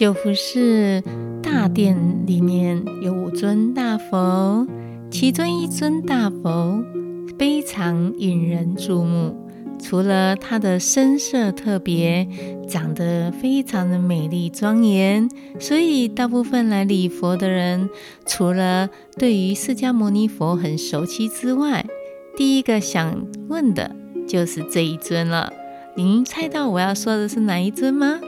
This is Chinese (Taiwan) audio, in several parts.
九福寺大殿裡面有五尊大佛，其中一尊大佛非常引人注目。除了它的身色特別，長得非常的美麗莊嚴，所以大部分來禮佛的人，除了對於釋迦牟尼佛很熟悉之外，第一個想問的就是這一尊了。您猜到我要說的是哪一尊嗎？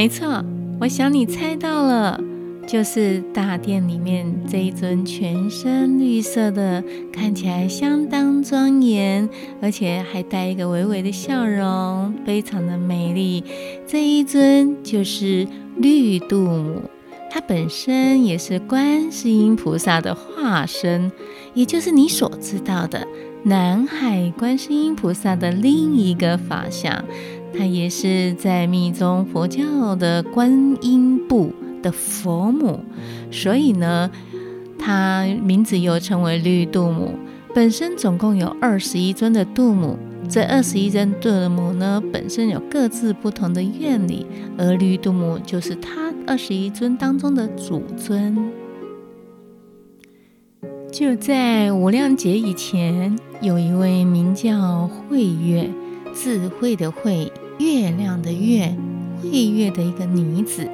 沒錯，我想你猜到了，就是大殿裡面這一尊全身綠色的，看起來相當莊嚴，而且還帶一個微微的笑容，非常的美麗。這一尊就是綠度母，它本身也是觀世音菩薩的化身，也就是你所知道的南海觀世音菩薩的另一個法相。他也是在密宗佛教的觀音部的佛母，所以呢，他名字又稱為綠度母。本身總共有二十一尊的度母，這二十一尊度母呢，本身有各自不同的願力，而綠度母就是他二十一尊當中的主尊。就在無量劫以前，有一位名叫慧月，智慧的慧。月亮的月，慧月的一個女子，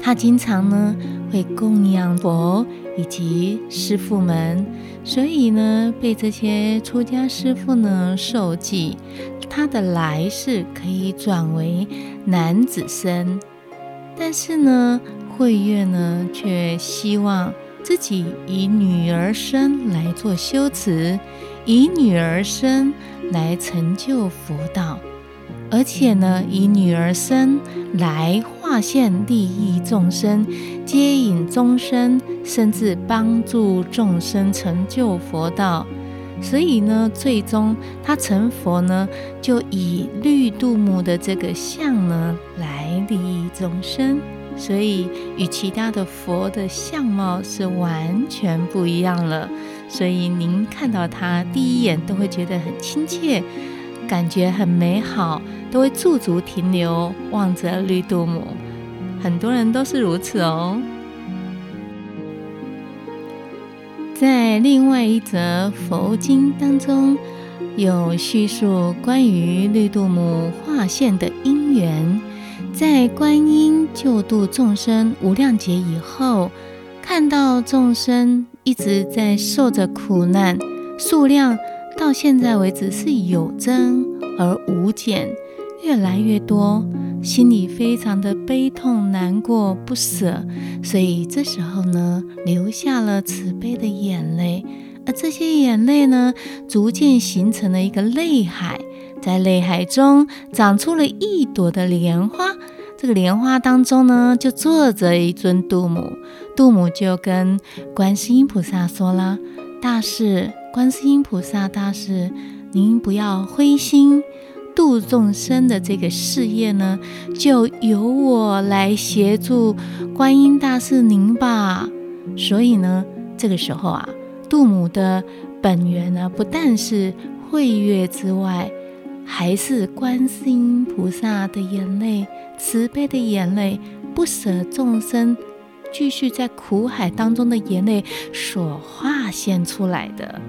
她經常呢會供養佛以及師父們，所以呢被這些出家師父呢授記，她的來世可以轉為男子身。但是呢，慧月呢卻希望自己以女兒身來做修持，以女兒身來成就佛道。而且呢，以女兒身來化現利益眾生、接引眾生，甚至幫助眾生成就佛道。所以呢，最終他成佛呢，就以綠度母的這個相呢來利益眾生，所以與其他的佛的相貌是完全不一樣了。所以您看到他第一眼都會覺得很親切。感覺很美好，都會駐足停留，望着綠度母。很多人都是如此哦。在另外一則佛經當中，有敘述關於綠度母化現的因緣。在觀音救度眾生無量劫以後，看到眾生一直在受着苦難，數量。到現在為止是有增而無減，越來越多，心裡非常的悲痛難過不舍，所以這時候呢，流下了慈悲的眼淚，而這些眼淚呢，逐漸形成了一個淚海，在淚海中長出了一朵的蓮花，這個蓮花當中呢，就坐着一尊度母，度母就跟觀世音菩薩說了大事。觀世音菩薩大士，您不要灰心，度眾生的這個事業呢，就由我來協助觀音大士您吧。所以呢，這個時候啊，度母的本源呢，不但是慧月之外，還是觀世音菩薩的眼淚，慈悲的眼淚，不舍眾生。繼續在苦海當中的眼淚所化現出來的。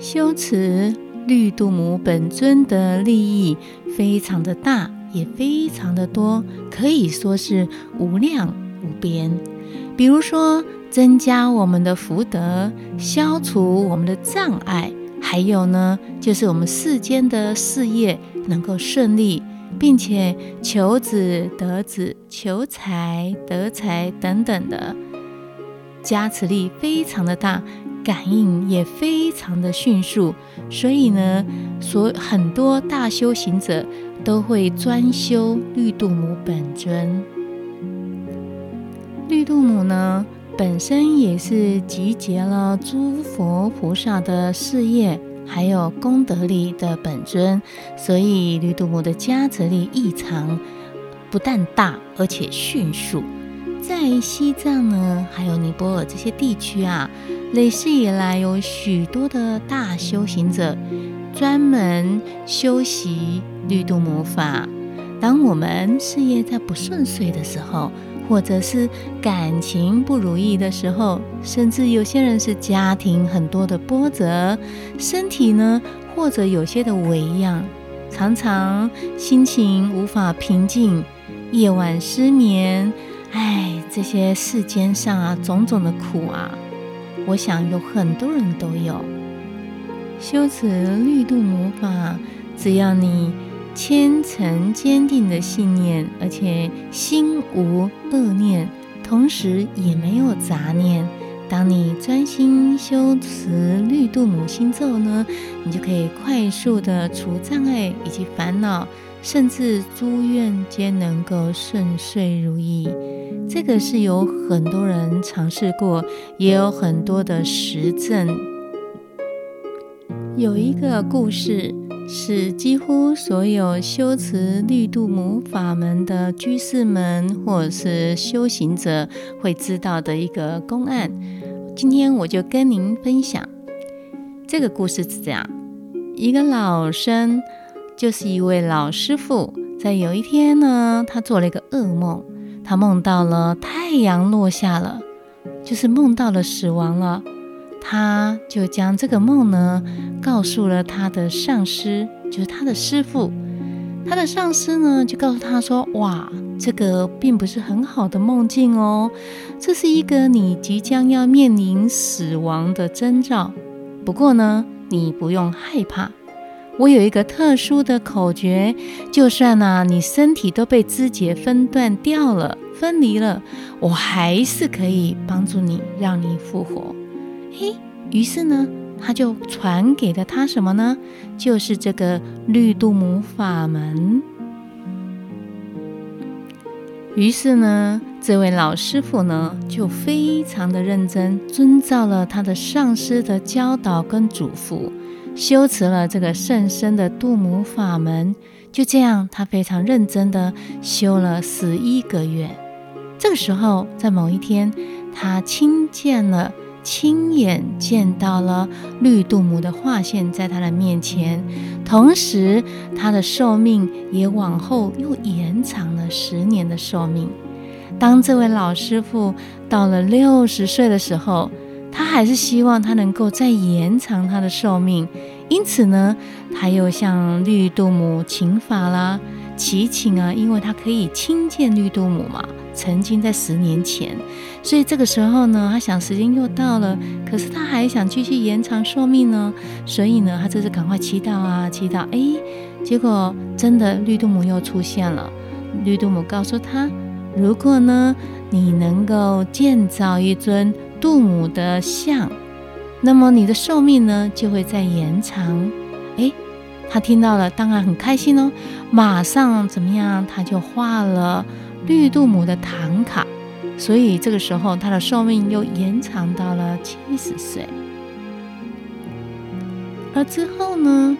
修持綠度母本尊的利益非常的大，也非常的多，可以說是無量無邊。比如說，增加我們的福德，消除我們的障礙，還有呢，就是我們世間的事業能夠順利。並且求子得子，求財得財等等的加持力非常的大，感應也非常的迅速，所以呢，所很多大修行者都會專修綠度母本尊。綠度母呢，本身也是集結了諸佛菩薩的事業。還有功德力的本尊，所以綠度母的加持力異常，不但大，而且迅速。在西藏呢，還有尼泊爾這些地區啊，累世以來有許多的大修行者專門修習綠度母法。當我們事業在不順遂的時候，或者是感情不如意的時候，甚至有些人是家庭很多的波折，身體呢，或者有些的微恙，常常心情無法平靜，夜晚失眠，哎，這些世間上啊種種的苦啊，我想有很多人都有。修持綠度母法，只要你。虔誠堅定的信念，而且心無惡念，同時也沒有雜念。當你專心修持綠度母心咒呢，你就可以快速的除障礙以及煩惱，甚至諸願皆能夠順遂如意。這個是有很多人嘗試過，也有很多的實證。有一個故事。是幾乎所有修持綠度母法門的居士們，或者是修行者會知道的一個公案。今天我就跟您分享這個故事，是這樣一個老僧，就是一位老師傅，在有一天呢，他做了一個噩夢，他夢到了太陽落下了，就是夢到了死亡了。他就將這個夢呢，告訴了他的上師，就是他的師父。他的上師呢，就告訴他說：“哇，這個並不是很好的夢境哦，這是一個你即將要面臨死亡的徵兆。不過呢，你不用害怕，我有一個特殊的口訣，就算啊你身體都被肢解分斷掉了、分離了，我還是可以幫助你，讓你復活。”嘿，於是呢，他就傳給了他什麼呢？就是這個綠度母法門。於是呢，這位老師傅呢，就非常的認真，遵照了他的上師的教導跟囑咐，修持了這個甚深的度母法門。就這樣，他非常認真地修了十一個月。這個時候，在某一天，他親見了。親眼見到了綠度母的畫像在他的面前，同時他的壽命也往後又延長了十年的壽命。當這位老師傅到了六十歲的時候，他還是希望他能夠再延長他的壽命，因此呢，他又向綠度母請法了。祈請啊，因為他可以親見綠度母嘛，曾經在十年前，所以這個時候呢，他想時間又到了，可是他還想繼續延長壽命呢，所以呢，他就是趕快祈禱啊，祈禱，哎，結果真的綠度母又出現了，綠度母告訴他，如果呢，你能夠建造一尊度母的像，那麼你的壽命呢，就會再延長，誒、哎。他聽到了，當然很開心哦。馬上怎麼樣？他就畫了綠度母的唐卡，所以這個時候他的壽命又延長到了七十歲。而之後呢，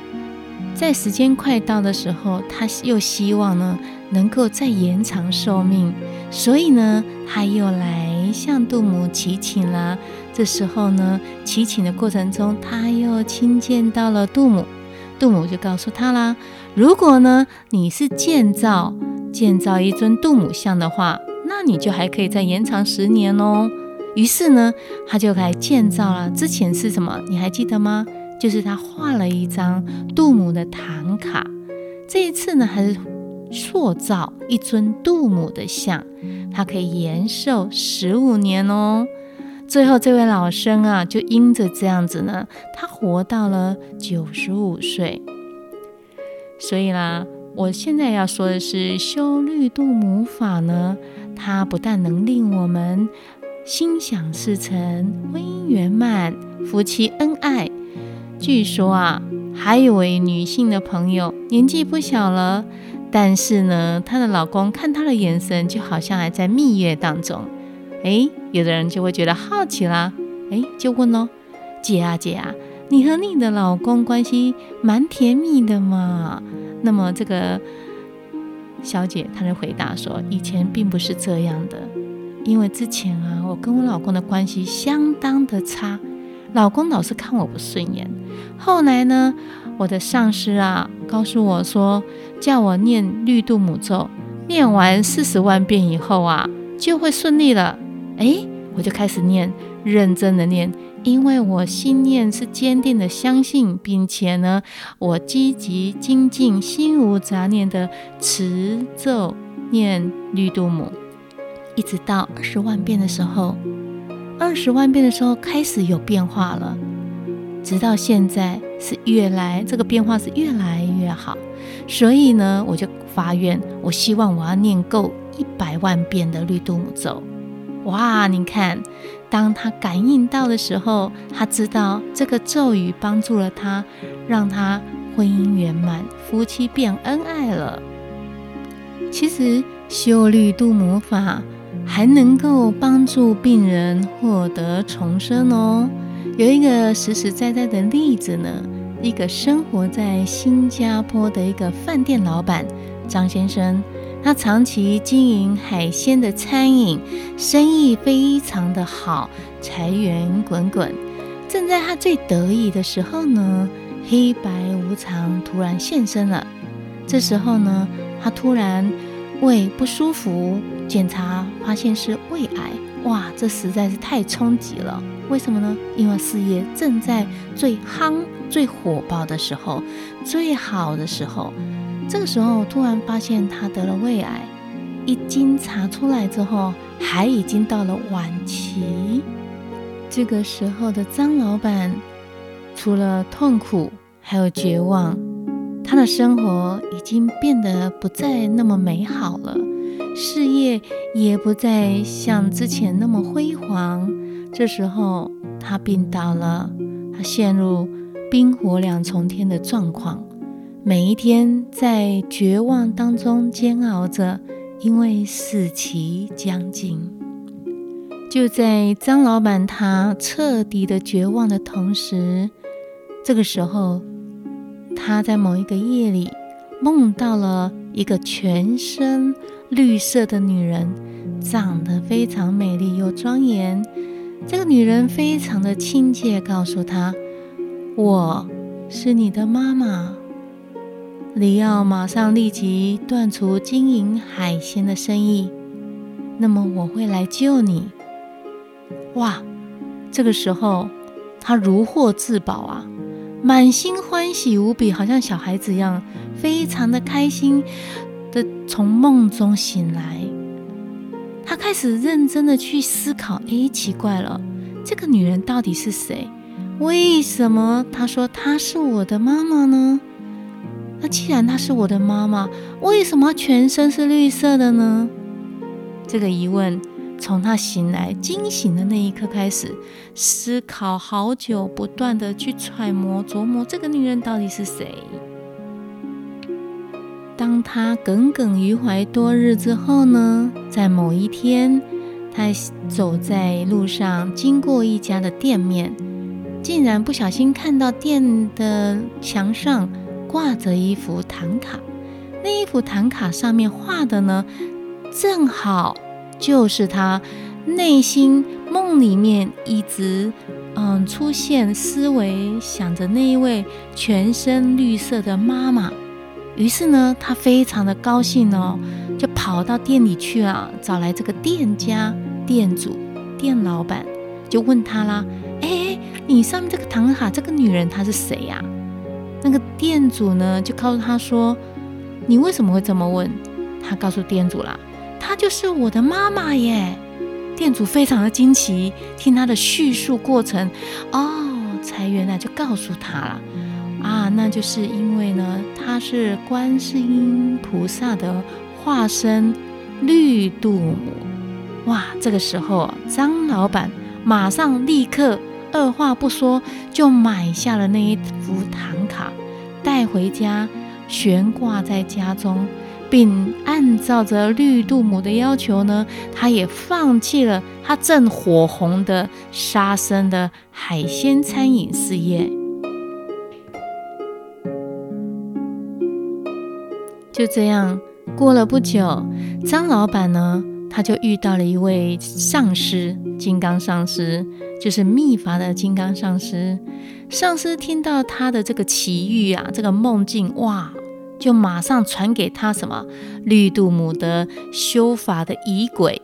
在時間快到的時候，他又希望呢能夠再延長壽命，所以呢他又來向度母祈請了。這時候呢，祈請的過程中，他又親見到了度母。度母就告訴他啦，如果呢，你是建造建造一尊度母像的話，那你就還可以再延長十年哦。於是呢，他就來建造了。之前是什麼？你還記得嗎？就是他畫了一張度母的唐卡。這一次呢，還是塑造一尊度母的像，它可以延壽十五年哦。最後，這位老生啊，就因着這樣子呢，他活到了九十五歲。所以啦，我現在要說的是，修綠度母法呢，它不但能令我們心想事成、婚姻圓滿、夫妻恩愛。據說啊，還有位女性的朋友，年紀不小了，但是呢，她的老公看她的眼神，就好像還在蜜月當中。哎，有的人就會覺得好奇啦，哎，就問咯，姐啊姐啊，你和你的老公關係蠻甜蜜的嘛？那麼這個小姐，她就回答說，以前並不是這樣的，因為之前啊，我跟我老公的關係相當的差，老公老是看我不順眼。後來呢，我的上師啊，告訴我說，叫我念綠度母咒，念完四十萬遍以後啊，就會順利了。哎，我就開始念，認真的念，因為我心念是堅定的，相信，並且呢，我積極精進，心無雜念的持咒念綠度母，一直到二十萬遍的時候，二十萬遍的時候開始有變化了，直到現在是越來這個變化是越來越好，所以呢，我就發願，我希望我要念夠一百萬遍的綠度母咒。哇，你看，當他感應到的時候，他知道這個咒語幫助了他，讓他婚姻圓滿，夫妻變恩愛了。其實，修綠度母法還能夠幫助病人獲得重生哦。有一個實實在在的例子呢，一個生活在新加坡的一個飯店老闆張先生。他長期經營海鮮的餐飲，生意非常的好，財源滾滾。正在他最得意的時候呢，黑白無常突然現身了。這時候呢，他突然胃不舒服，檢查發現是胃癌。哇，這實在是太衝擊了。為什麼呢？因為事業正在最夯、最火爆的時候，最好的時候。這個時候，突然發現他得了胃癌。一經查出來之後，癌已經到了晚期。這個時候的張老板，除了痛苦，還有絕望。他的生活已經變得不再那麼美好了，事業也不再像之前那麼輝煌。這時候，他病倒了，他陷入冰火兩重天的狀況。每一天在絕望當中煎熬着，因為死期將近。就在張老板他徹底的絕望的同時，這個時候他在某一個夜裡夢到了一個全身綠色的女人，長得非常美麗又莊嚴。這個女人非常的親切，告訴他：“我是你的媽媽。”你要馬上立即斷除經營海鮮的生意，那麼我會來救你。哇！這個時候，他如獲至寶啊，滿心歡喜無比，好像小孩子一樣，非常的開心的從夢中醒來。他開始認真的去思考：哎，奇怪了，這個女人到底是誰？為什麼她說她是我的媽媽呢？那既然她是我的媽媽，為什麼全身是綠色的呢？這個疑問從她醒來驚醒的那一刻開始，思考好久，不斷的去揣摩琢磨這個女人到底是誰。當她耿耿於懷多日之後呢，在某一天，她走在路上，經過一家的店面，竟然不小心看到店的牆上。掛着一幅唐卡，那一幅唐卡上面畫的呢，正好就是他內心夢裡面一直嗯出現思維想着那一位全身綠色的媽媽。於是呢，他非常的高興哦，就跑到店裡去啊，找來這個店家、店主、店老闆，就問他啦：“哎，你上面這個唐卡，這個女人她是誰呀、啊？”那個店主呢，就告訴他說：“你為什麼會這麼問？”他告訴店主啦：“她就是我的媽媽耶！”店主非常的驚奇，聽他的敘述過程，哦，裁員呢就告訴他了：“啊，那就是因為呢，她是觀世音菩薩的化身綠度母。”哇，這個時候，啊，張老板馬上立刻。二話不說就買下了那一幅唐卡，帶回家懸掛在家中，並按照着綠度母的要求呢，他也放棄了他正火紅的殺生的海鮮餐飲事業。就這樣，過了不久，張老板呢，他就遇到了一位上師，金剛上師，就是密法的金剛上師。上師聽到他的這個奇遇啊，這個夢境哇，就馬上傳給他什麼綠度母的修法的儀軌。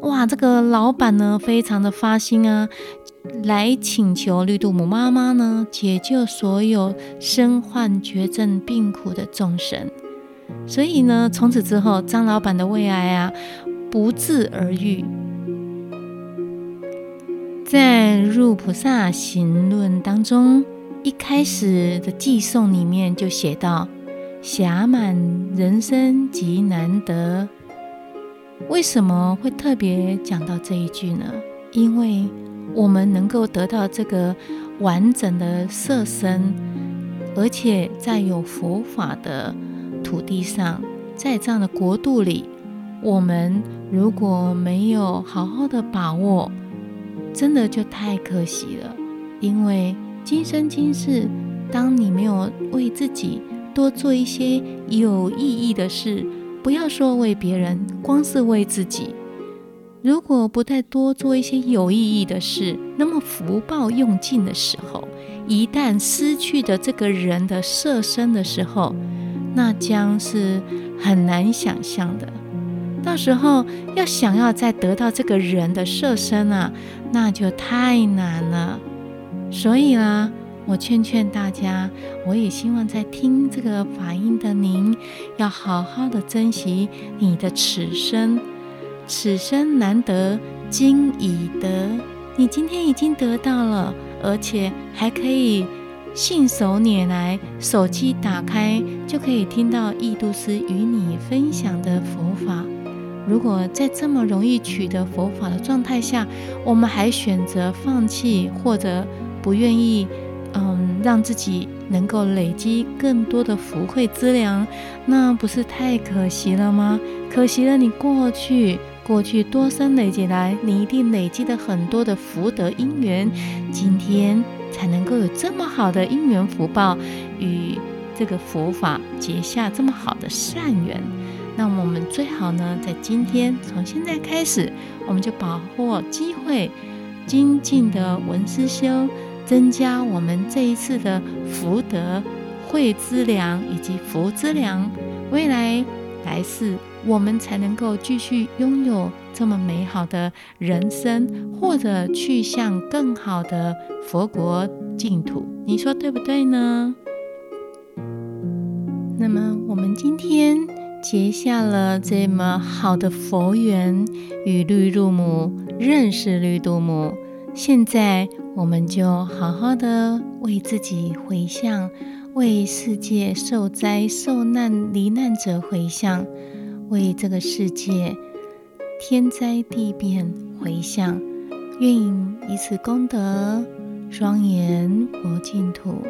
哇，這個老板呢，非常的發心啊，來請求綠度母媽媽呢解救所有身患絕症病苦的眾生。所以呢，從此之後，張老板的胃癌啊。不治而癒。在《入菩薩行論》當中，一開始的偈頌裡面就寫到：“暇滿人生極難得。”為什麼會特別講到這一句呢？因為我們能夠得到這個完整的色身，而且在有佛法的土地上，在這樣的國度裡。我們如果沒有好好的把握，真的就太可惜了。因為今生今世，當你沒有為自己多做一些有意義的事，不要說為別人，光是為自己，如果不再多做一些有意義的事，那麼福報用盡的時候，一旦失去的這個人的色身的時候，那將是很難想象的。到時候要想要再得到這個人的色身啊，那就太難了。所以呢，我勸勸大家，我也希望在聽這個法音的您，要好好的珍惜你的此生。此生難得，今已得，你今天已經得到了，而且還可以信手拈來，手機打開就可以聽到裕道師與你分享的佛法。如果在這麼容易取得佛法的狀態下，我們還選擇放棄或者不願意，嗯，讓自己能夠累積更多的福慧資糧，那不是太可惜了嗎？可惜了，你過去過去多生累積來，你一定累積了很多的福德因緣，今天才能夠有這麼好的因緣福報，與這個佛法結下這麼好的善緣。那我們最好呢，在今天從現在開始，我們就把握機會，精進的聞思修，增加我們這一次的福德、慧資糧以及福資糧，未來來世我們才能夠繼續擁有這麼美好的人生，或者去向更好的佛國淨土。你說對不對呢？那麼我們今天。結下了這麼好的佛緣，與綠度母，認識綠度母。現在我們就好好的為自己回向，為世界受災受難罹難者回向，為這個世界天災地變回向。願以此功德，莊嚴佛淨土，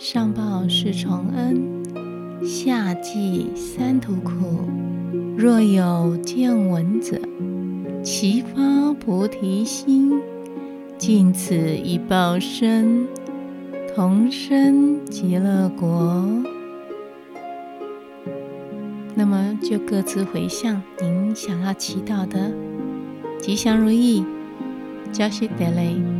上報四重恩。下濟三途苦，若有見聞者，悉發菩提心，盡此一報身，同生極樂國。那麼就各自回向您想要祈禱的吉祥如意，扎西德勒。